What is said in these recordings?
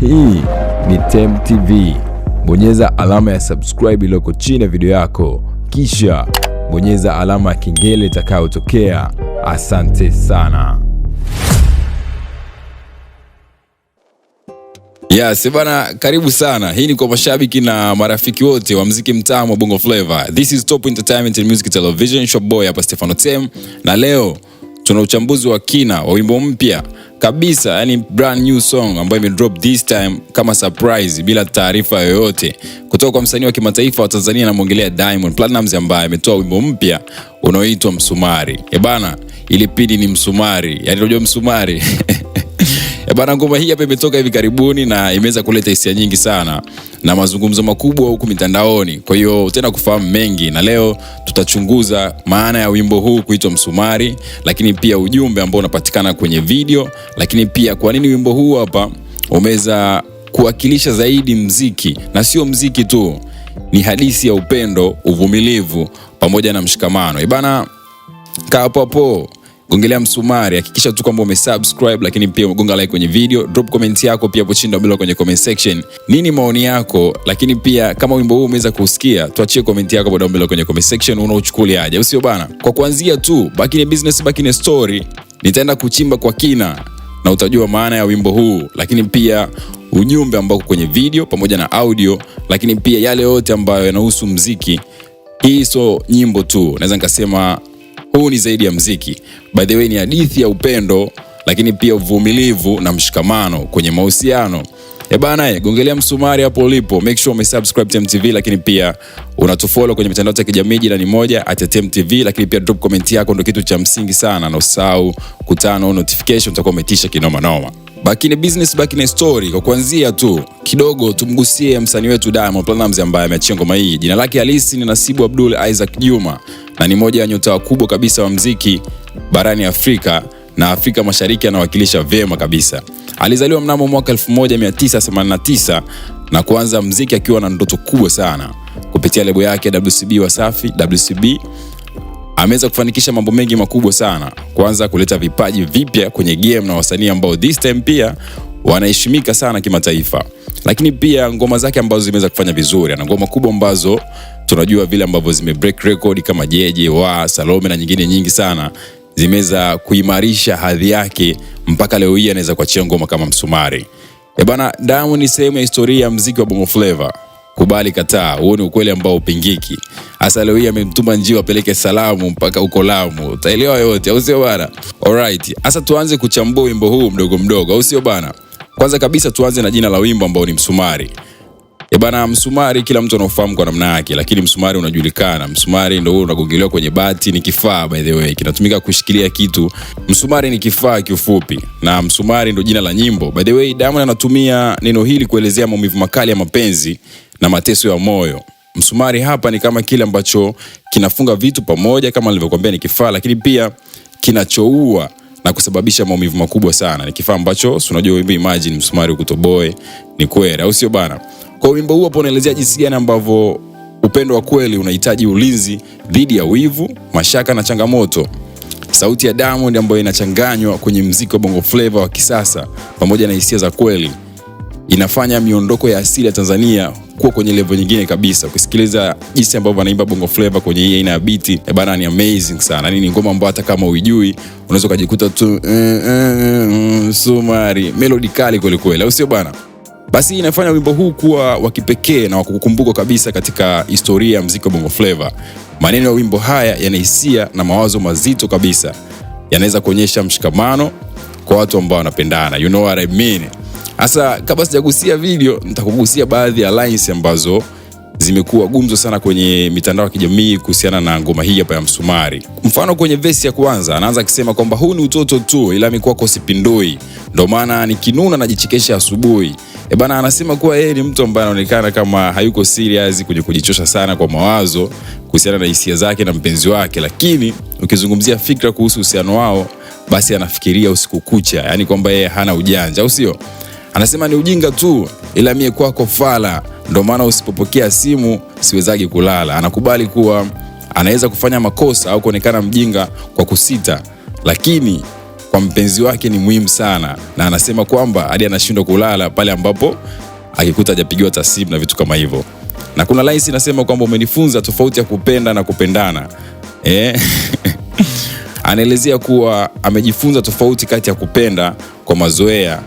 Hii ni Tem TV. Bonyeza alama ya subscribe iliyoko chini ya video yako, kisha bonyeza alama ya kengele itakayotokea. Asante sana. Yes, bana, karibu sana. Hii ni kwa mashabiki na marafiki wote wa mziki mtamu wa Bongo Flava. This is Top Entertainment and Music Television, shop boy hapa Stefano Tem, na leo tuna uchambuzi wa kina wa wimbo mpya kabisa, yani brand new song ambayo imedrop this time kama surprise bila taarifa yoyote kutoka kwa msanii wa kimataifa wa Tanzania, anamwongelea Diamond Platnumz ambaye ametoa wimbo mpya unaoitwa Msumari. ebana bana, ili ni msumari, yani unajua msumari E bana, ngoma hii hapa imetoka hivi karibuni na imeweza kuleta hisia nyingi sana na mazungumzo makubwa huku mitandaoni. Kwa hiyo tena kufahamu mengi, na leo tutachunguza maana ya wimbo huu kuitwa Msumari, lakini pia ujumbe ambao unapatikana kwenye video, lakini pia kwa nini wimbo huu hapa umeweza kuwakilisha zaidi mziki na sio mziki tu, ni hadithi ya upendo, uvumilivu pamoja na mshikamano. Ibana, eh, kaa hapo gongelea msumari, hakikisha tu kwamba umesubscribe, lakini pia umegonga like kwenye video. Drop comment yako pia hapo chini na bila kwenye comment section, nini maoni yako? Lakini pia kama wimbo huu umeweza kusikia, tuachie comment yako hapo bila kwenye comment section, unaochukuliaje? Usio bana, kwa kuanzia tu baki ni Business, baki ni Story, nitaenda kuchimba kwa kina na utajua maana ya wimbo huu, lakini pia ujumbe ambao kwenye video pamoja na audio, lakini pia yale yote ambayo yanahusu mziki. Hii so nyimbo tu, naweza nikasema huu ni zaidi ya mziki, by the way, ni hadithi ya upendo, lakini pia uvumilivu na mshikamano kwenye mahusiano. E bana, eh, gongelea msumari hapo ulipo, make sure umesubscribe TemuTV, lakini pia unatufolo kwenye mitandao ya kijamii, jina ni moja at TemuTV, lakini pia drop comment yako, ndo kitu cha msingi sana, na usahau kutano notification, utakuwa umetisha kinoma noma. Back business, bakini story. Kwa kuanzia tu kidogo tumgusie msanii wetu Diamond Platnumz ambaye ameachia ngoma hii. Jina lake halisi ni Nasibu Abdul Isaac Juma na ni moja ya nyota wakubwa kabisa wa mziki barani Afrika na Afrika Mashariki anawakilisha vyema kabisa. Alizaliwa mnamo mwaka 1989 na kuanza mziki akiwa na ndoto kubwa sana. Kupitia lebo yake WCB Wasafi, WCB ameweza kufanikisha mambo mengi makubwa sana, kwanza kuleta vipaji vipya kwenye game na wasanii ambao this time pia wanaheshimika sana kimataifa, lakini pia ngoma zake ambazo zimeweza kufanya vizuri, ana ngoma kubwa ambazo tunajua vile ambavyo zime break record kama Jeje wa Salome na nyingine nyingi sana zimeweza kuimarisha hadhi yake mpaka leo hii anaweza kuachia ngoma kama msumari. E bana, Diamond ni sehemu ya historia ya mziki wa Bongo Flava. Kubali kataa, huo ni ukweli ambao upingiki. Hasa leo hii amemtuma njio apeleke salamu mpaka uko Lamu, utaelewa yote, au sio bana? Alright, hasa tuanze kuchambua wimbo huu mdogo mdogo, au sio bana? Kwanza kabisa tuanze na jina la wimbo ambao ni Msumari. E bana, msumari kila mtu anaofahamu kwa namna yake, lakini msumari unajulikana. Msumari ndio unagongelewa kwenye bati, ni kifaa by the way, kinatumika kushikilia kitu. Msumari ni kifaa kiufupi, na msumari ndio jina la nyimbo. By the way, Diamond anatumia neno hili kuelezea maumivu makali ya mapenzi na mateso ya moyo. Msumari hapa ni kama kile ambacho kinafunga vitu pamoja, kama nilivyokuambia, ni kifaa, lakini pia kinachoua na kusababisha maumivu makubwa sana. Ni kifaa ambacho si unajua, imagine msumari ukutoboe, ni kweli, au sio bana? Kwa wimbo huo hapo unaelezea jinsi gani ambavyo upendo wa kweli unahitaji ulinzi dhidi ya wivu, mashaka na changamoto. Sauti ya Diamond ambayo inachanganywa kwenye mziki wa Bongo Flava wa kisasa pamoja na hisia za kweli inafanya miondoko ya asili ya Tanzania kuwa kwenye levo nyingine kabisa. Ukisikiliza jinsi ambavyo anaimba Bongo Flava kwenye hii aina ya biti ya eh, bana, ni amazing sana. Ni ngoma ambayo hata kama uijui unaweza ukajikuta tu mm, mm, mm, sumari melodi kali kwelikweli, au sio bana? Basi inafanya wimbo huu kuwa wa kipekee na wakukumbukwa kabisa katika historia ya muziki wa Bongo Flava. Maneno ya wimbo haya yanahisia na mawazo mazito kabisa, yanaweza kuonyesha mshikamano kwa watu ambao wanapendana, you know what I mean. Sasa kabla sijagusia video, nitakugusia baadhi ya lines ambazo zimekuwa gumzo sana kwenye mitandao ya kijamii kuhusiana na ngoma hii hapa ya Msumari. Mfano kwenye vesi ya kwanza anaanza akisema kwamba huu ni utoto tu, ila mikwako sipindui, ndo maana nikinuna najichekesha asubuhi. E bana, anasema kuwa yeye ni mtu ambaye anaonekana kama hayuko serious kwenye kujichosha sana kwa mawazo kuhusiana na hisia zake na mpenzi wake, lakini ukizungumzia fikra kuhusu uhusiano wao, basi anafikiria usiku kucha, yaani kwamba yeye hana ujanja, au sio? Anasema ni ujinga tu, ila mie kwako fala, ndo maana usipopokea simu siwezagi kulala. Anakubali kuwa anaweza kufanya makosa au kuonekana mjinga kwa kusita, lakini kwa mpenzi wake ni muhimu sana, na anasema kwamba hadi anashindwa kulala pale ambapo akikuta hajapigiwa tasimu na vitu kama hivyo. Na kuna laisi inasema kwamba umenifunza tofauti ya kupenda na kupendana eh? Anaelezea kuwa amejifunza tofauti kati ya kupenda kwa mazoea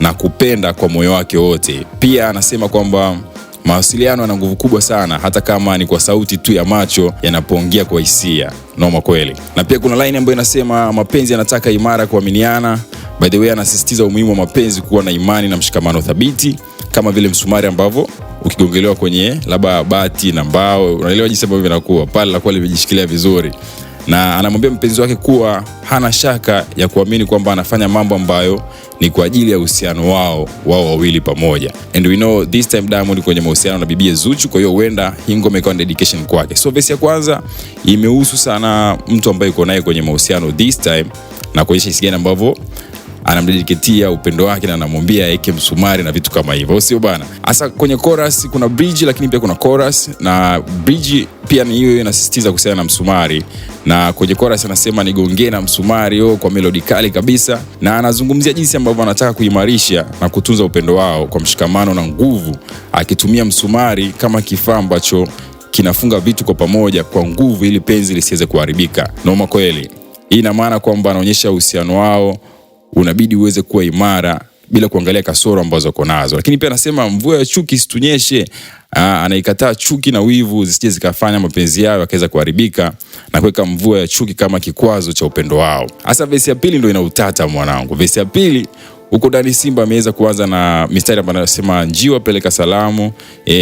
na kupenda kwa moyo wake wote. Pia anasema kwamba mawasiliano yana nguvu kubwa sana, hata kama ni kwa sauti tu ya macho yanapoongea kwa hisia. Noma kweli. Na pia kuna line ambayo inasema mapenzi yanataka imara, kuaminiana. By the way, anasisitiza umuhimu wa mapenzi kuwa na imani na mshikamano thabiti, kama vile msumari ambavyo ukigongelewa kwenye labda bati na mbao, unaelewa jinsi ambavyo vinakuwa pale, la limejishikilia vizuri na anamwambia mpenzi wake kuwa hana shaka ya kuamini kwamba anafanya mambo ambayo ni kwa ajili ya uhusiano wao wao wawili pamoja. And we know this time Diamond kwenye mahusiano na bibie Zuchu, kwa hiyo huenda hii ngoma ikawa dedication kwake. So verse ya kwanza imehusu sana mtu ambaye uko naye kwenye mahusiano this time na kuonyesha jinsi gani ambavyo anamdedikitia upendo wake na anamwambia aeke msumari na vitu kama hivyo, sio bana? Hasa kwenye chorus kuna bridge, lakini pia kuna chorus na bridge pia ni hiyo inasisitiza kuhusiana na msumari, na kwenye chorus anasema nigongee na msumari yo, oh, kwa melodi kali kabisa, na anazungumzia jinsi ambavyo anataka kuimarisha na kutunza upendo wao kwa mshikamano na nguvu, akitumia msumari kama kifaa ambacho kinafunga vitu kwa pamoja kwa nguvu, ili penzi lisiweze kuharibika. Noma kweli. Hii ina maana kwamba anaonyesha uhusiano wao unabidi uweze kuwa imara bila kuangalia kasoro ambazo uko nazo. Lakini pia anasema mvua ya chuki situnyeshe. Aa, ah, anaikataa chuki na wivu zisije zikafanya mapenzi yao yakaweza kuharibika na kuweka mvua ya chuki kama kikwazo cha upendo wao. Hasa vesi ya pili ndio ina utata mwanangu. Vesi ya pili huko ndani Simba ameweza kuanza na mistari ambayo anasema njiwa peleka salamu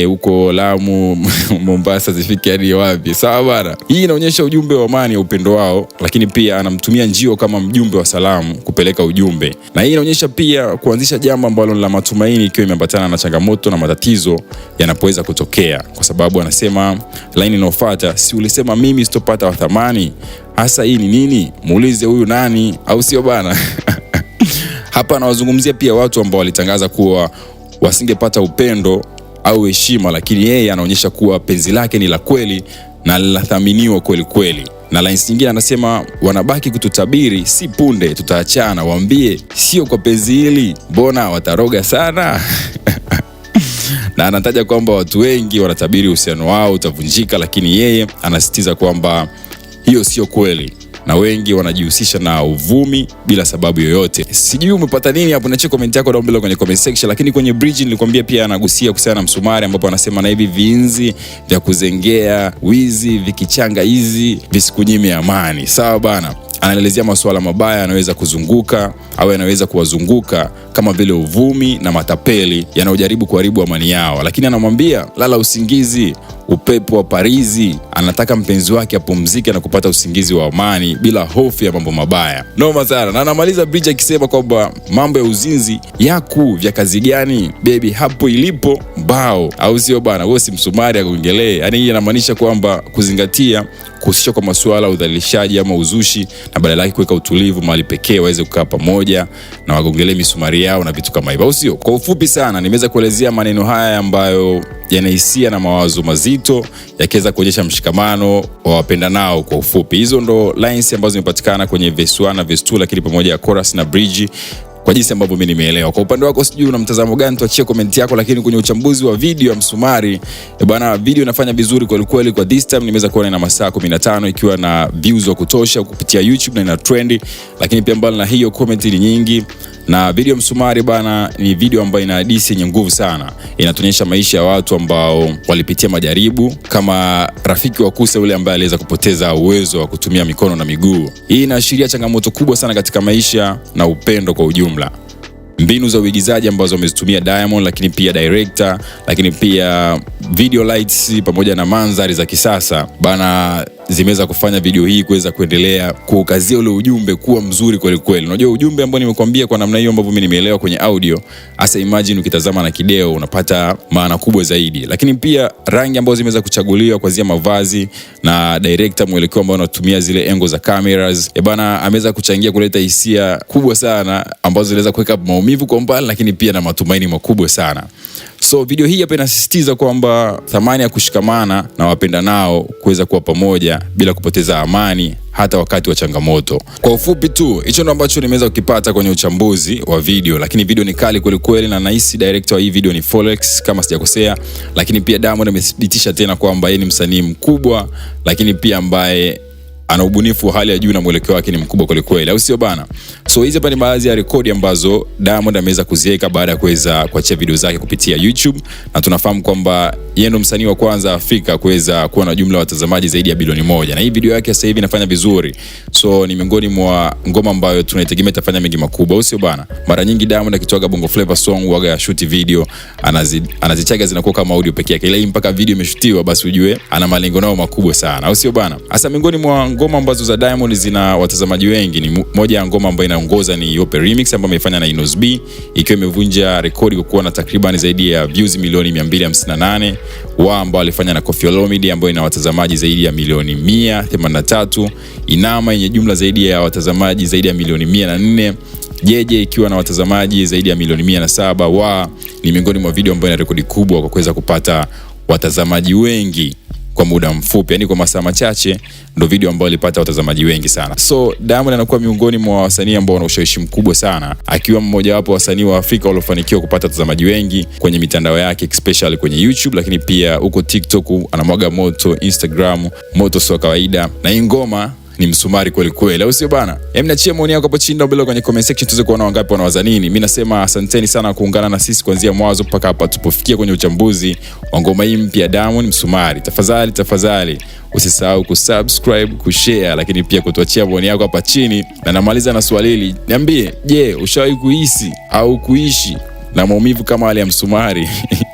huko e, Lamu Mombasa zifike hadi wapi? Sawa bana, hii inaonyesha ujumbe wa amani ya upendo wao, lakini pia anamtumia njiwa kama mjumbe wa salamu kupeleka ujumbe, na hii inaonyesha pia kuanzisha jambo ambalo la matumaini, ikiwa imeambatana na changamoto na matatizo yanapoweza kutokea, kwa sababu anasema laini inayofuata, si ulisema mimi sitopata wathamani? Hasa hii ni nini? Muulize huyu nani, au sio bana? Hapa anawazungumzia pia watu ambao walitangaza kuwa wasingepata upendo au heshima, lakini yeye anaonyesha kuwa penzi lake ni la kweli na linathaminiwa kweli kweli. Na laini nyingine anasema, wanabaki kututabiri, si punde tutaachana, waambie sio kwa penzi hili, mbona wataroga sana na anataja kwamba watu wengi wanatabiri uhusiano wao utavunjika, lakini yeye anasisitiza kwamba hiyo sio kweli na wengi wanajihusisha na uvumi bila sababu yoyote. Sijui umepata nini hapo, niachie comment yako down below kwenye comment section. Lakini kwenye bridge nilikwambia pia anagusia kuhusiana na msumari, ambapo anasema na hivi viinzi vya kuzengea, wizi, vikichanga hizi visikunyime amani, sawa bana anaelezea masuala mabaya yanaweza kuzunguka au yanaweza kuwazunguka kama vile uvumi na matapeli yanayojaribu kuharibu amani yao, lakini anamwambia lala usingizi, upepo wa Parizi. Anataka mpenzi wake apumzike na kupata usingizi wa amani bila hofu ya mambo mabaya. Noma sana. Na anamaliza bridge akisema kwamba mambo ya uzinzi yaku vya kazi gani bebi, hapo ilipo mbao, au sio bana? Wewe si msumari akuongelee. Yaani hii inamaanisha kwamba kuzingatia kuhusisha kwa masuala ya udhalilishaji ama uzushi, na badala yake kuweka utulivu mahali pekee waweze kukaa pamoja na wagongelee misumari yao na vitu kama hivyo, au sio? Kwa ufupi sana, nimeweza kuelezea maneno haya ambayo yana hisia na mawazo mazito yakiweza kuonyesha mshikamano wa wapendanao. Kwa ufupi, hizo ndo lines ambazo zimepatikana kwenye verse 1 na verse 2, lakini pamoja ya chorus na bridge kwa jinsi ambavyo mimi nimeelewa. Kwa upande wako sijui una mtazamo gani, tuachie comment yako, lakini kwenye uchambuzi wa video ya Msumari eh, bwana, video inafanya vizuri kweli kweli. Kwa this time nimeweza kuona ina masaa 15 ikiwa na views wa kutosha kupitia YouTube na ina trend, lakini pia mbali na hiyo comment ni nyingi na video ya Msumari bana, ni video ambayo ina hadithi yenye nguvu sana. Inatuonyesha maisha ya watu ambao walipitia majaribu, kama rafiki wa Kuse yule ambaye aliweza kupoteza uwezo wa kutumia mikono na miguu. Hii inaashiria changamoto kubwa sana katika maisha na upendo kwa ujumla jumla mbinu za uigizaji ambazo wamezitumia Diamond, lakini pia director, lakini pia video lights pamoja na mandhari za kisasa bana zimeweza kufanya video hii kuweza kuendelea kuukazia ule ujumbe kuwa mzuri kweli kweli. Unajua ujumbe ambao nimekuambia kwa namna hiyo ambavyo mimi nimeelewa kwenye audio, hasa imagine ukitazama na kideo unapata maana kubwa zaidi. Lakini pia rangi ambazo zimeweza kuchaguliwa kwazia mavazi na director, mwelekeo ambao anatumia zile engo za cameras, e bana, ameweza kuchangia kuleta hisia kubwa sana ambazo zinaweza kuweka maumivu kwa mbali, lakini pia na matumaini makubwa sana. So video hii hapa inasisitiza kwamba thamani ya kushikamana na wapenda nao kuweza kuwa pamoja bila kupoteza amani hata wakati wa changamoto. Kwa ufupi tu, hicho ndo ambacho nimeweza kukipata kwenye uchambuzi wa video, lakini video ni kali kweli kweli, na nahisi director wa hii video ni Forex kama sijakosea. Lakini pia Diamond amethibitisha tena kwamba yeye ni msanii mkubwa, lakini pia ambaye ana ubunifu wa hali ya juu na mwelekeo wake ni mkubwa kweli kweli, au sio bana? So hizi hapa ni baadhi ya rekodi ambazo Diamond ameweza kuziweka baada ya kuweza kuachia video zake kupitia YouTube, na tunafahamu kwamba yeye ndo msanii wa kwanza Afrika kuweza kuwa na jumla ya watazamaji zaidi ya bilioni moja, na hii video yake sasa hivi inafanya vizuri, so ni miongoni mwa ngoma ambayo tunaitegemea itafanya mengi makubwa, au sio bana? Mara nyingi Diamond akitoaga bongo flavor song waga ya shoot video anazi, anazichaga zinakuwa kama audio peke yake, ila mpaka video imeshutiwa basi ujue ana malengo nao makubwa sana, au sio bana? Hasa miongoni mwa ngoma ambazo za Diamond zina watazamaji wengi ni moja ya ngoma ambayo inaongoza ni Iyope Remix ambayo imefanya na Inos B ikiwa imevunja rekodi kwa kuwa na takriban zaidi ya views milioni 258, wa ambao alifanya na Koffi Olomide ambayo ina watazamaji zaidi ya milioni 183, Inama yenye jumla zaidi ya watazamaji zaidi ya milioni 104 Jeje ikiwa na watazamaji zaidi ya milioni mia na saba wa ni miongoni mwa video ambayo ina rekodi kubwa kwa kuweza kupata watazamaji wengi kwa muda mfupi, yani kwa masaa machache ndo video ambayo alipata watazamaji wengi sana. So Diamond anakuwa miongoni mwa wasanii ambao wana ushawishi mkubwa sana, akiwa mmojawapo wasanii wa Afrika waliofanikiwa kupata watazamaji wengi kwenye mitandao yake especially kwenye YouTube, lakini pia huko TikTok anamwaga moto, Instagram moto sio kawaida, na hii ngoma ni msumari kweli kweli, au sio bana? niachie maoni yako hapo chini down kwenye comment section, tuweze kuona wangapi wanawaza nini. Mimi nasema asanteni sana kuungana na sisi kuanzia mwanzo mpaka hapa tupofikia kwenye uchambuzi wa ngoma hii mpya Diamond Msumari. Tafadhali tafadhali usisahau kusubscribe, kushare, lakini pia kutuachia maoni yako hapa chini, na namaliza na swali hili, niambie, je, ushawahi kuhisi au kuishi na maumivu kama yale ya msumari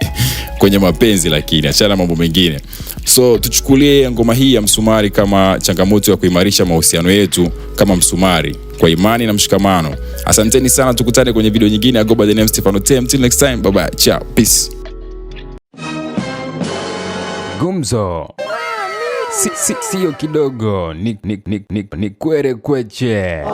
kwenye mapenzi? Lakini achana mambo mengine. So tuchukulie ngoma hii ya msumari kama changamoto ya kuimarisha mahusiano yetu kama msumari kwa imani na mshikamano. Asanteni sana, tukutane kwenye video nyingine ya Goba the Name Stefano Tem. Till next time, bye bye. Ciao. Peace. Gumzo. Si, si, siyo kidogo ni, ni, ni, ni, ni kwere kweche.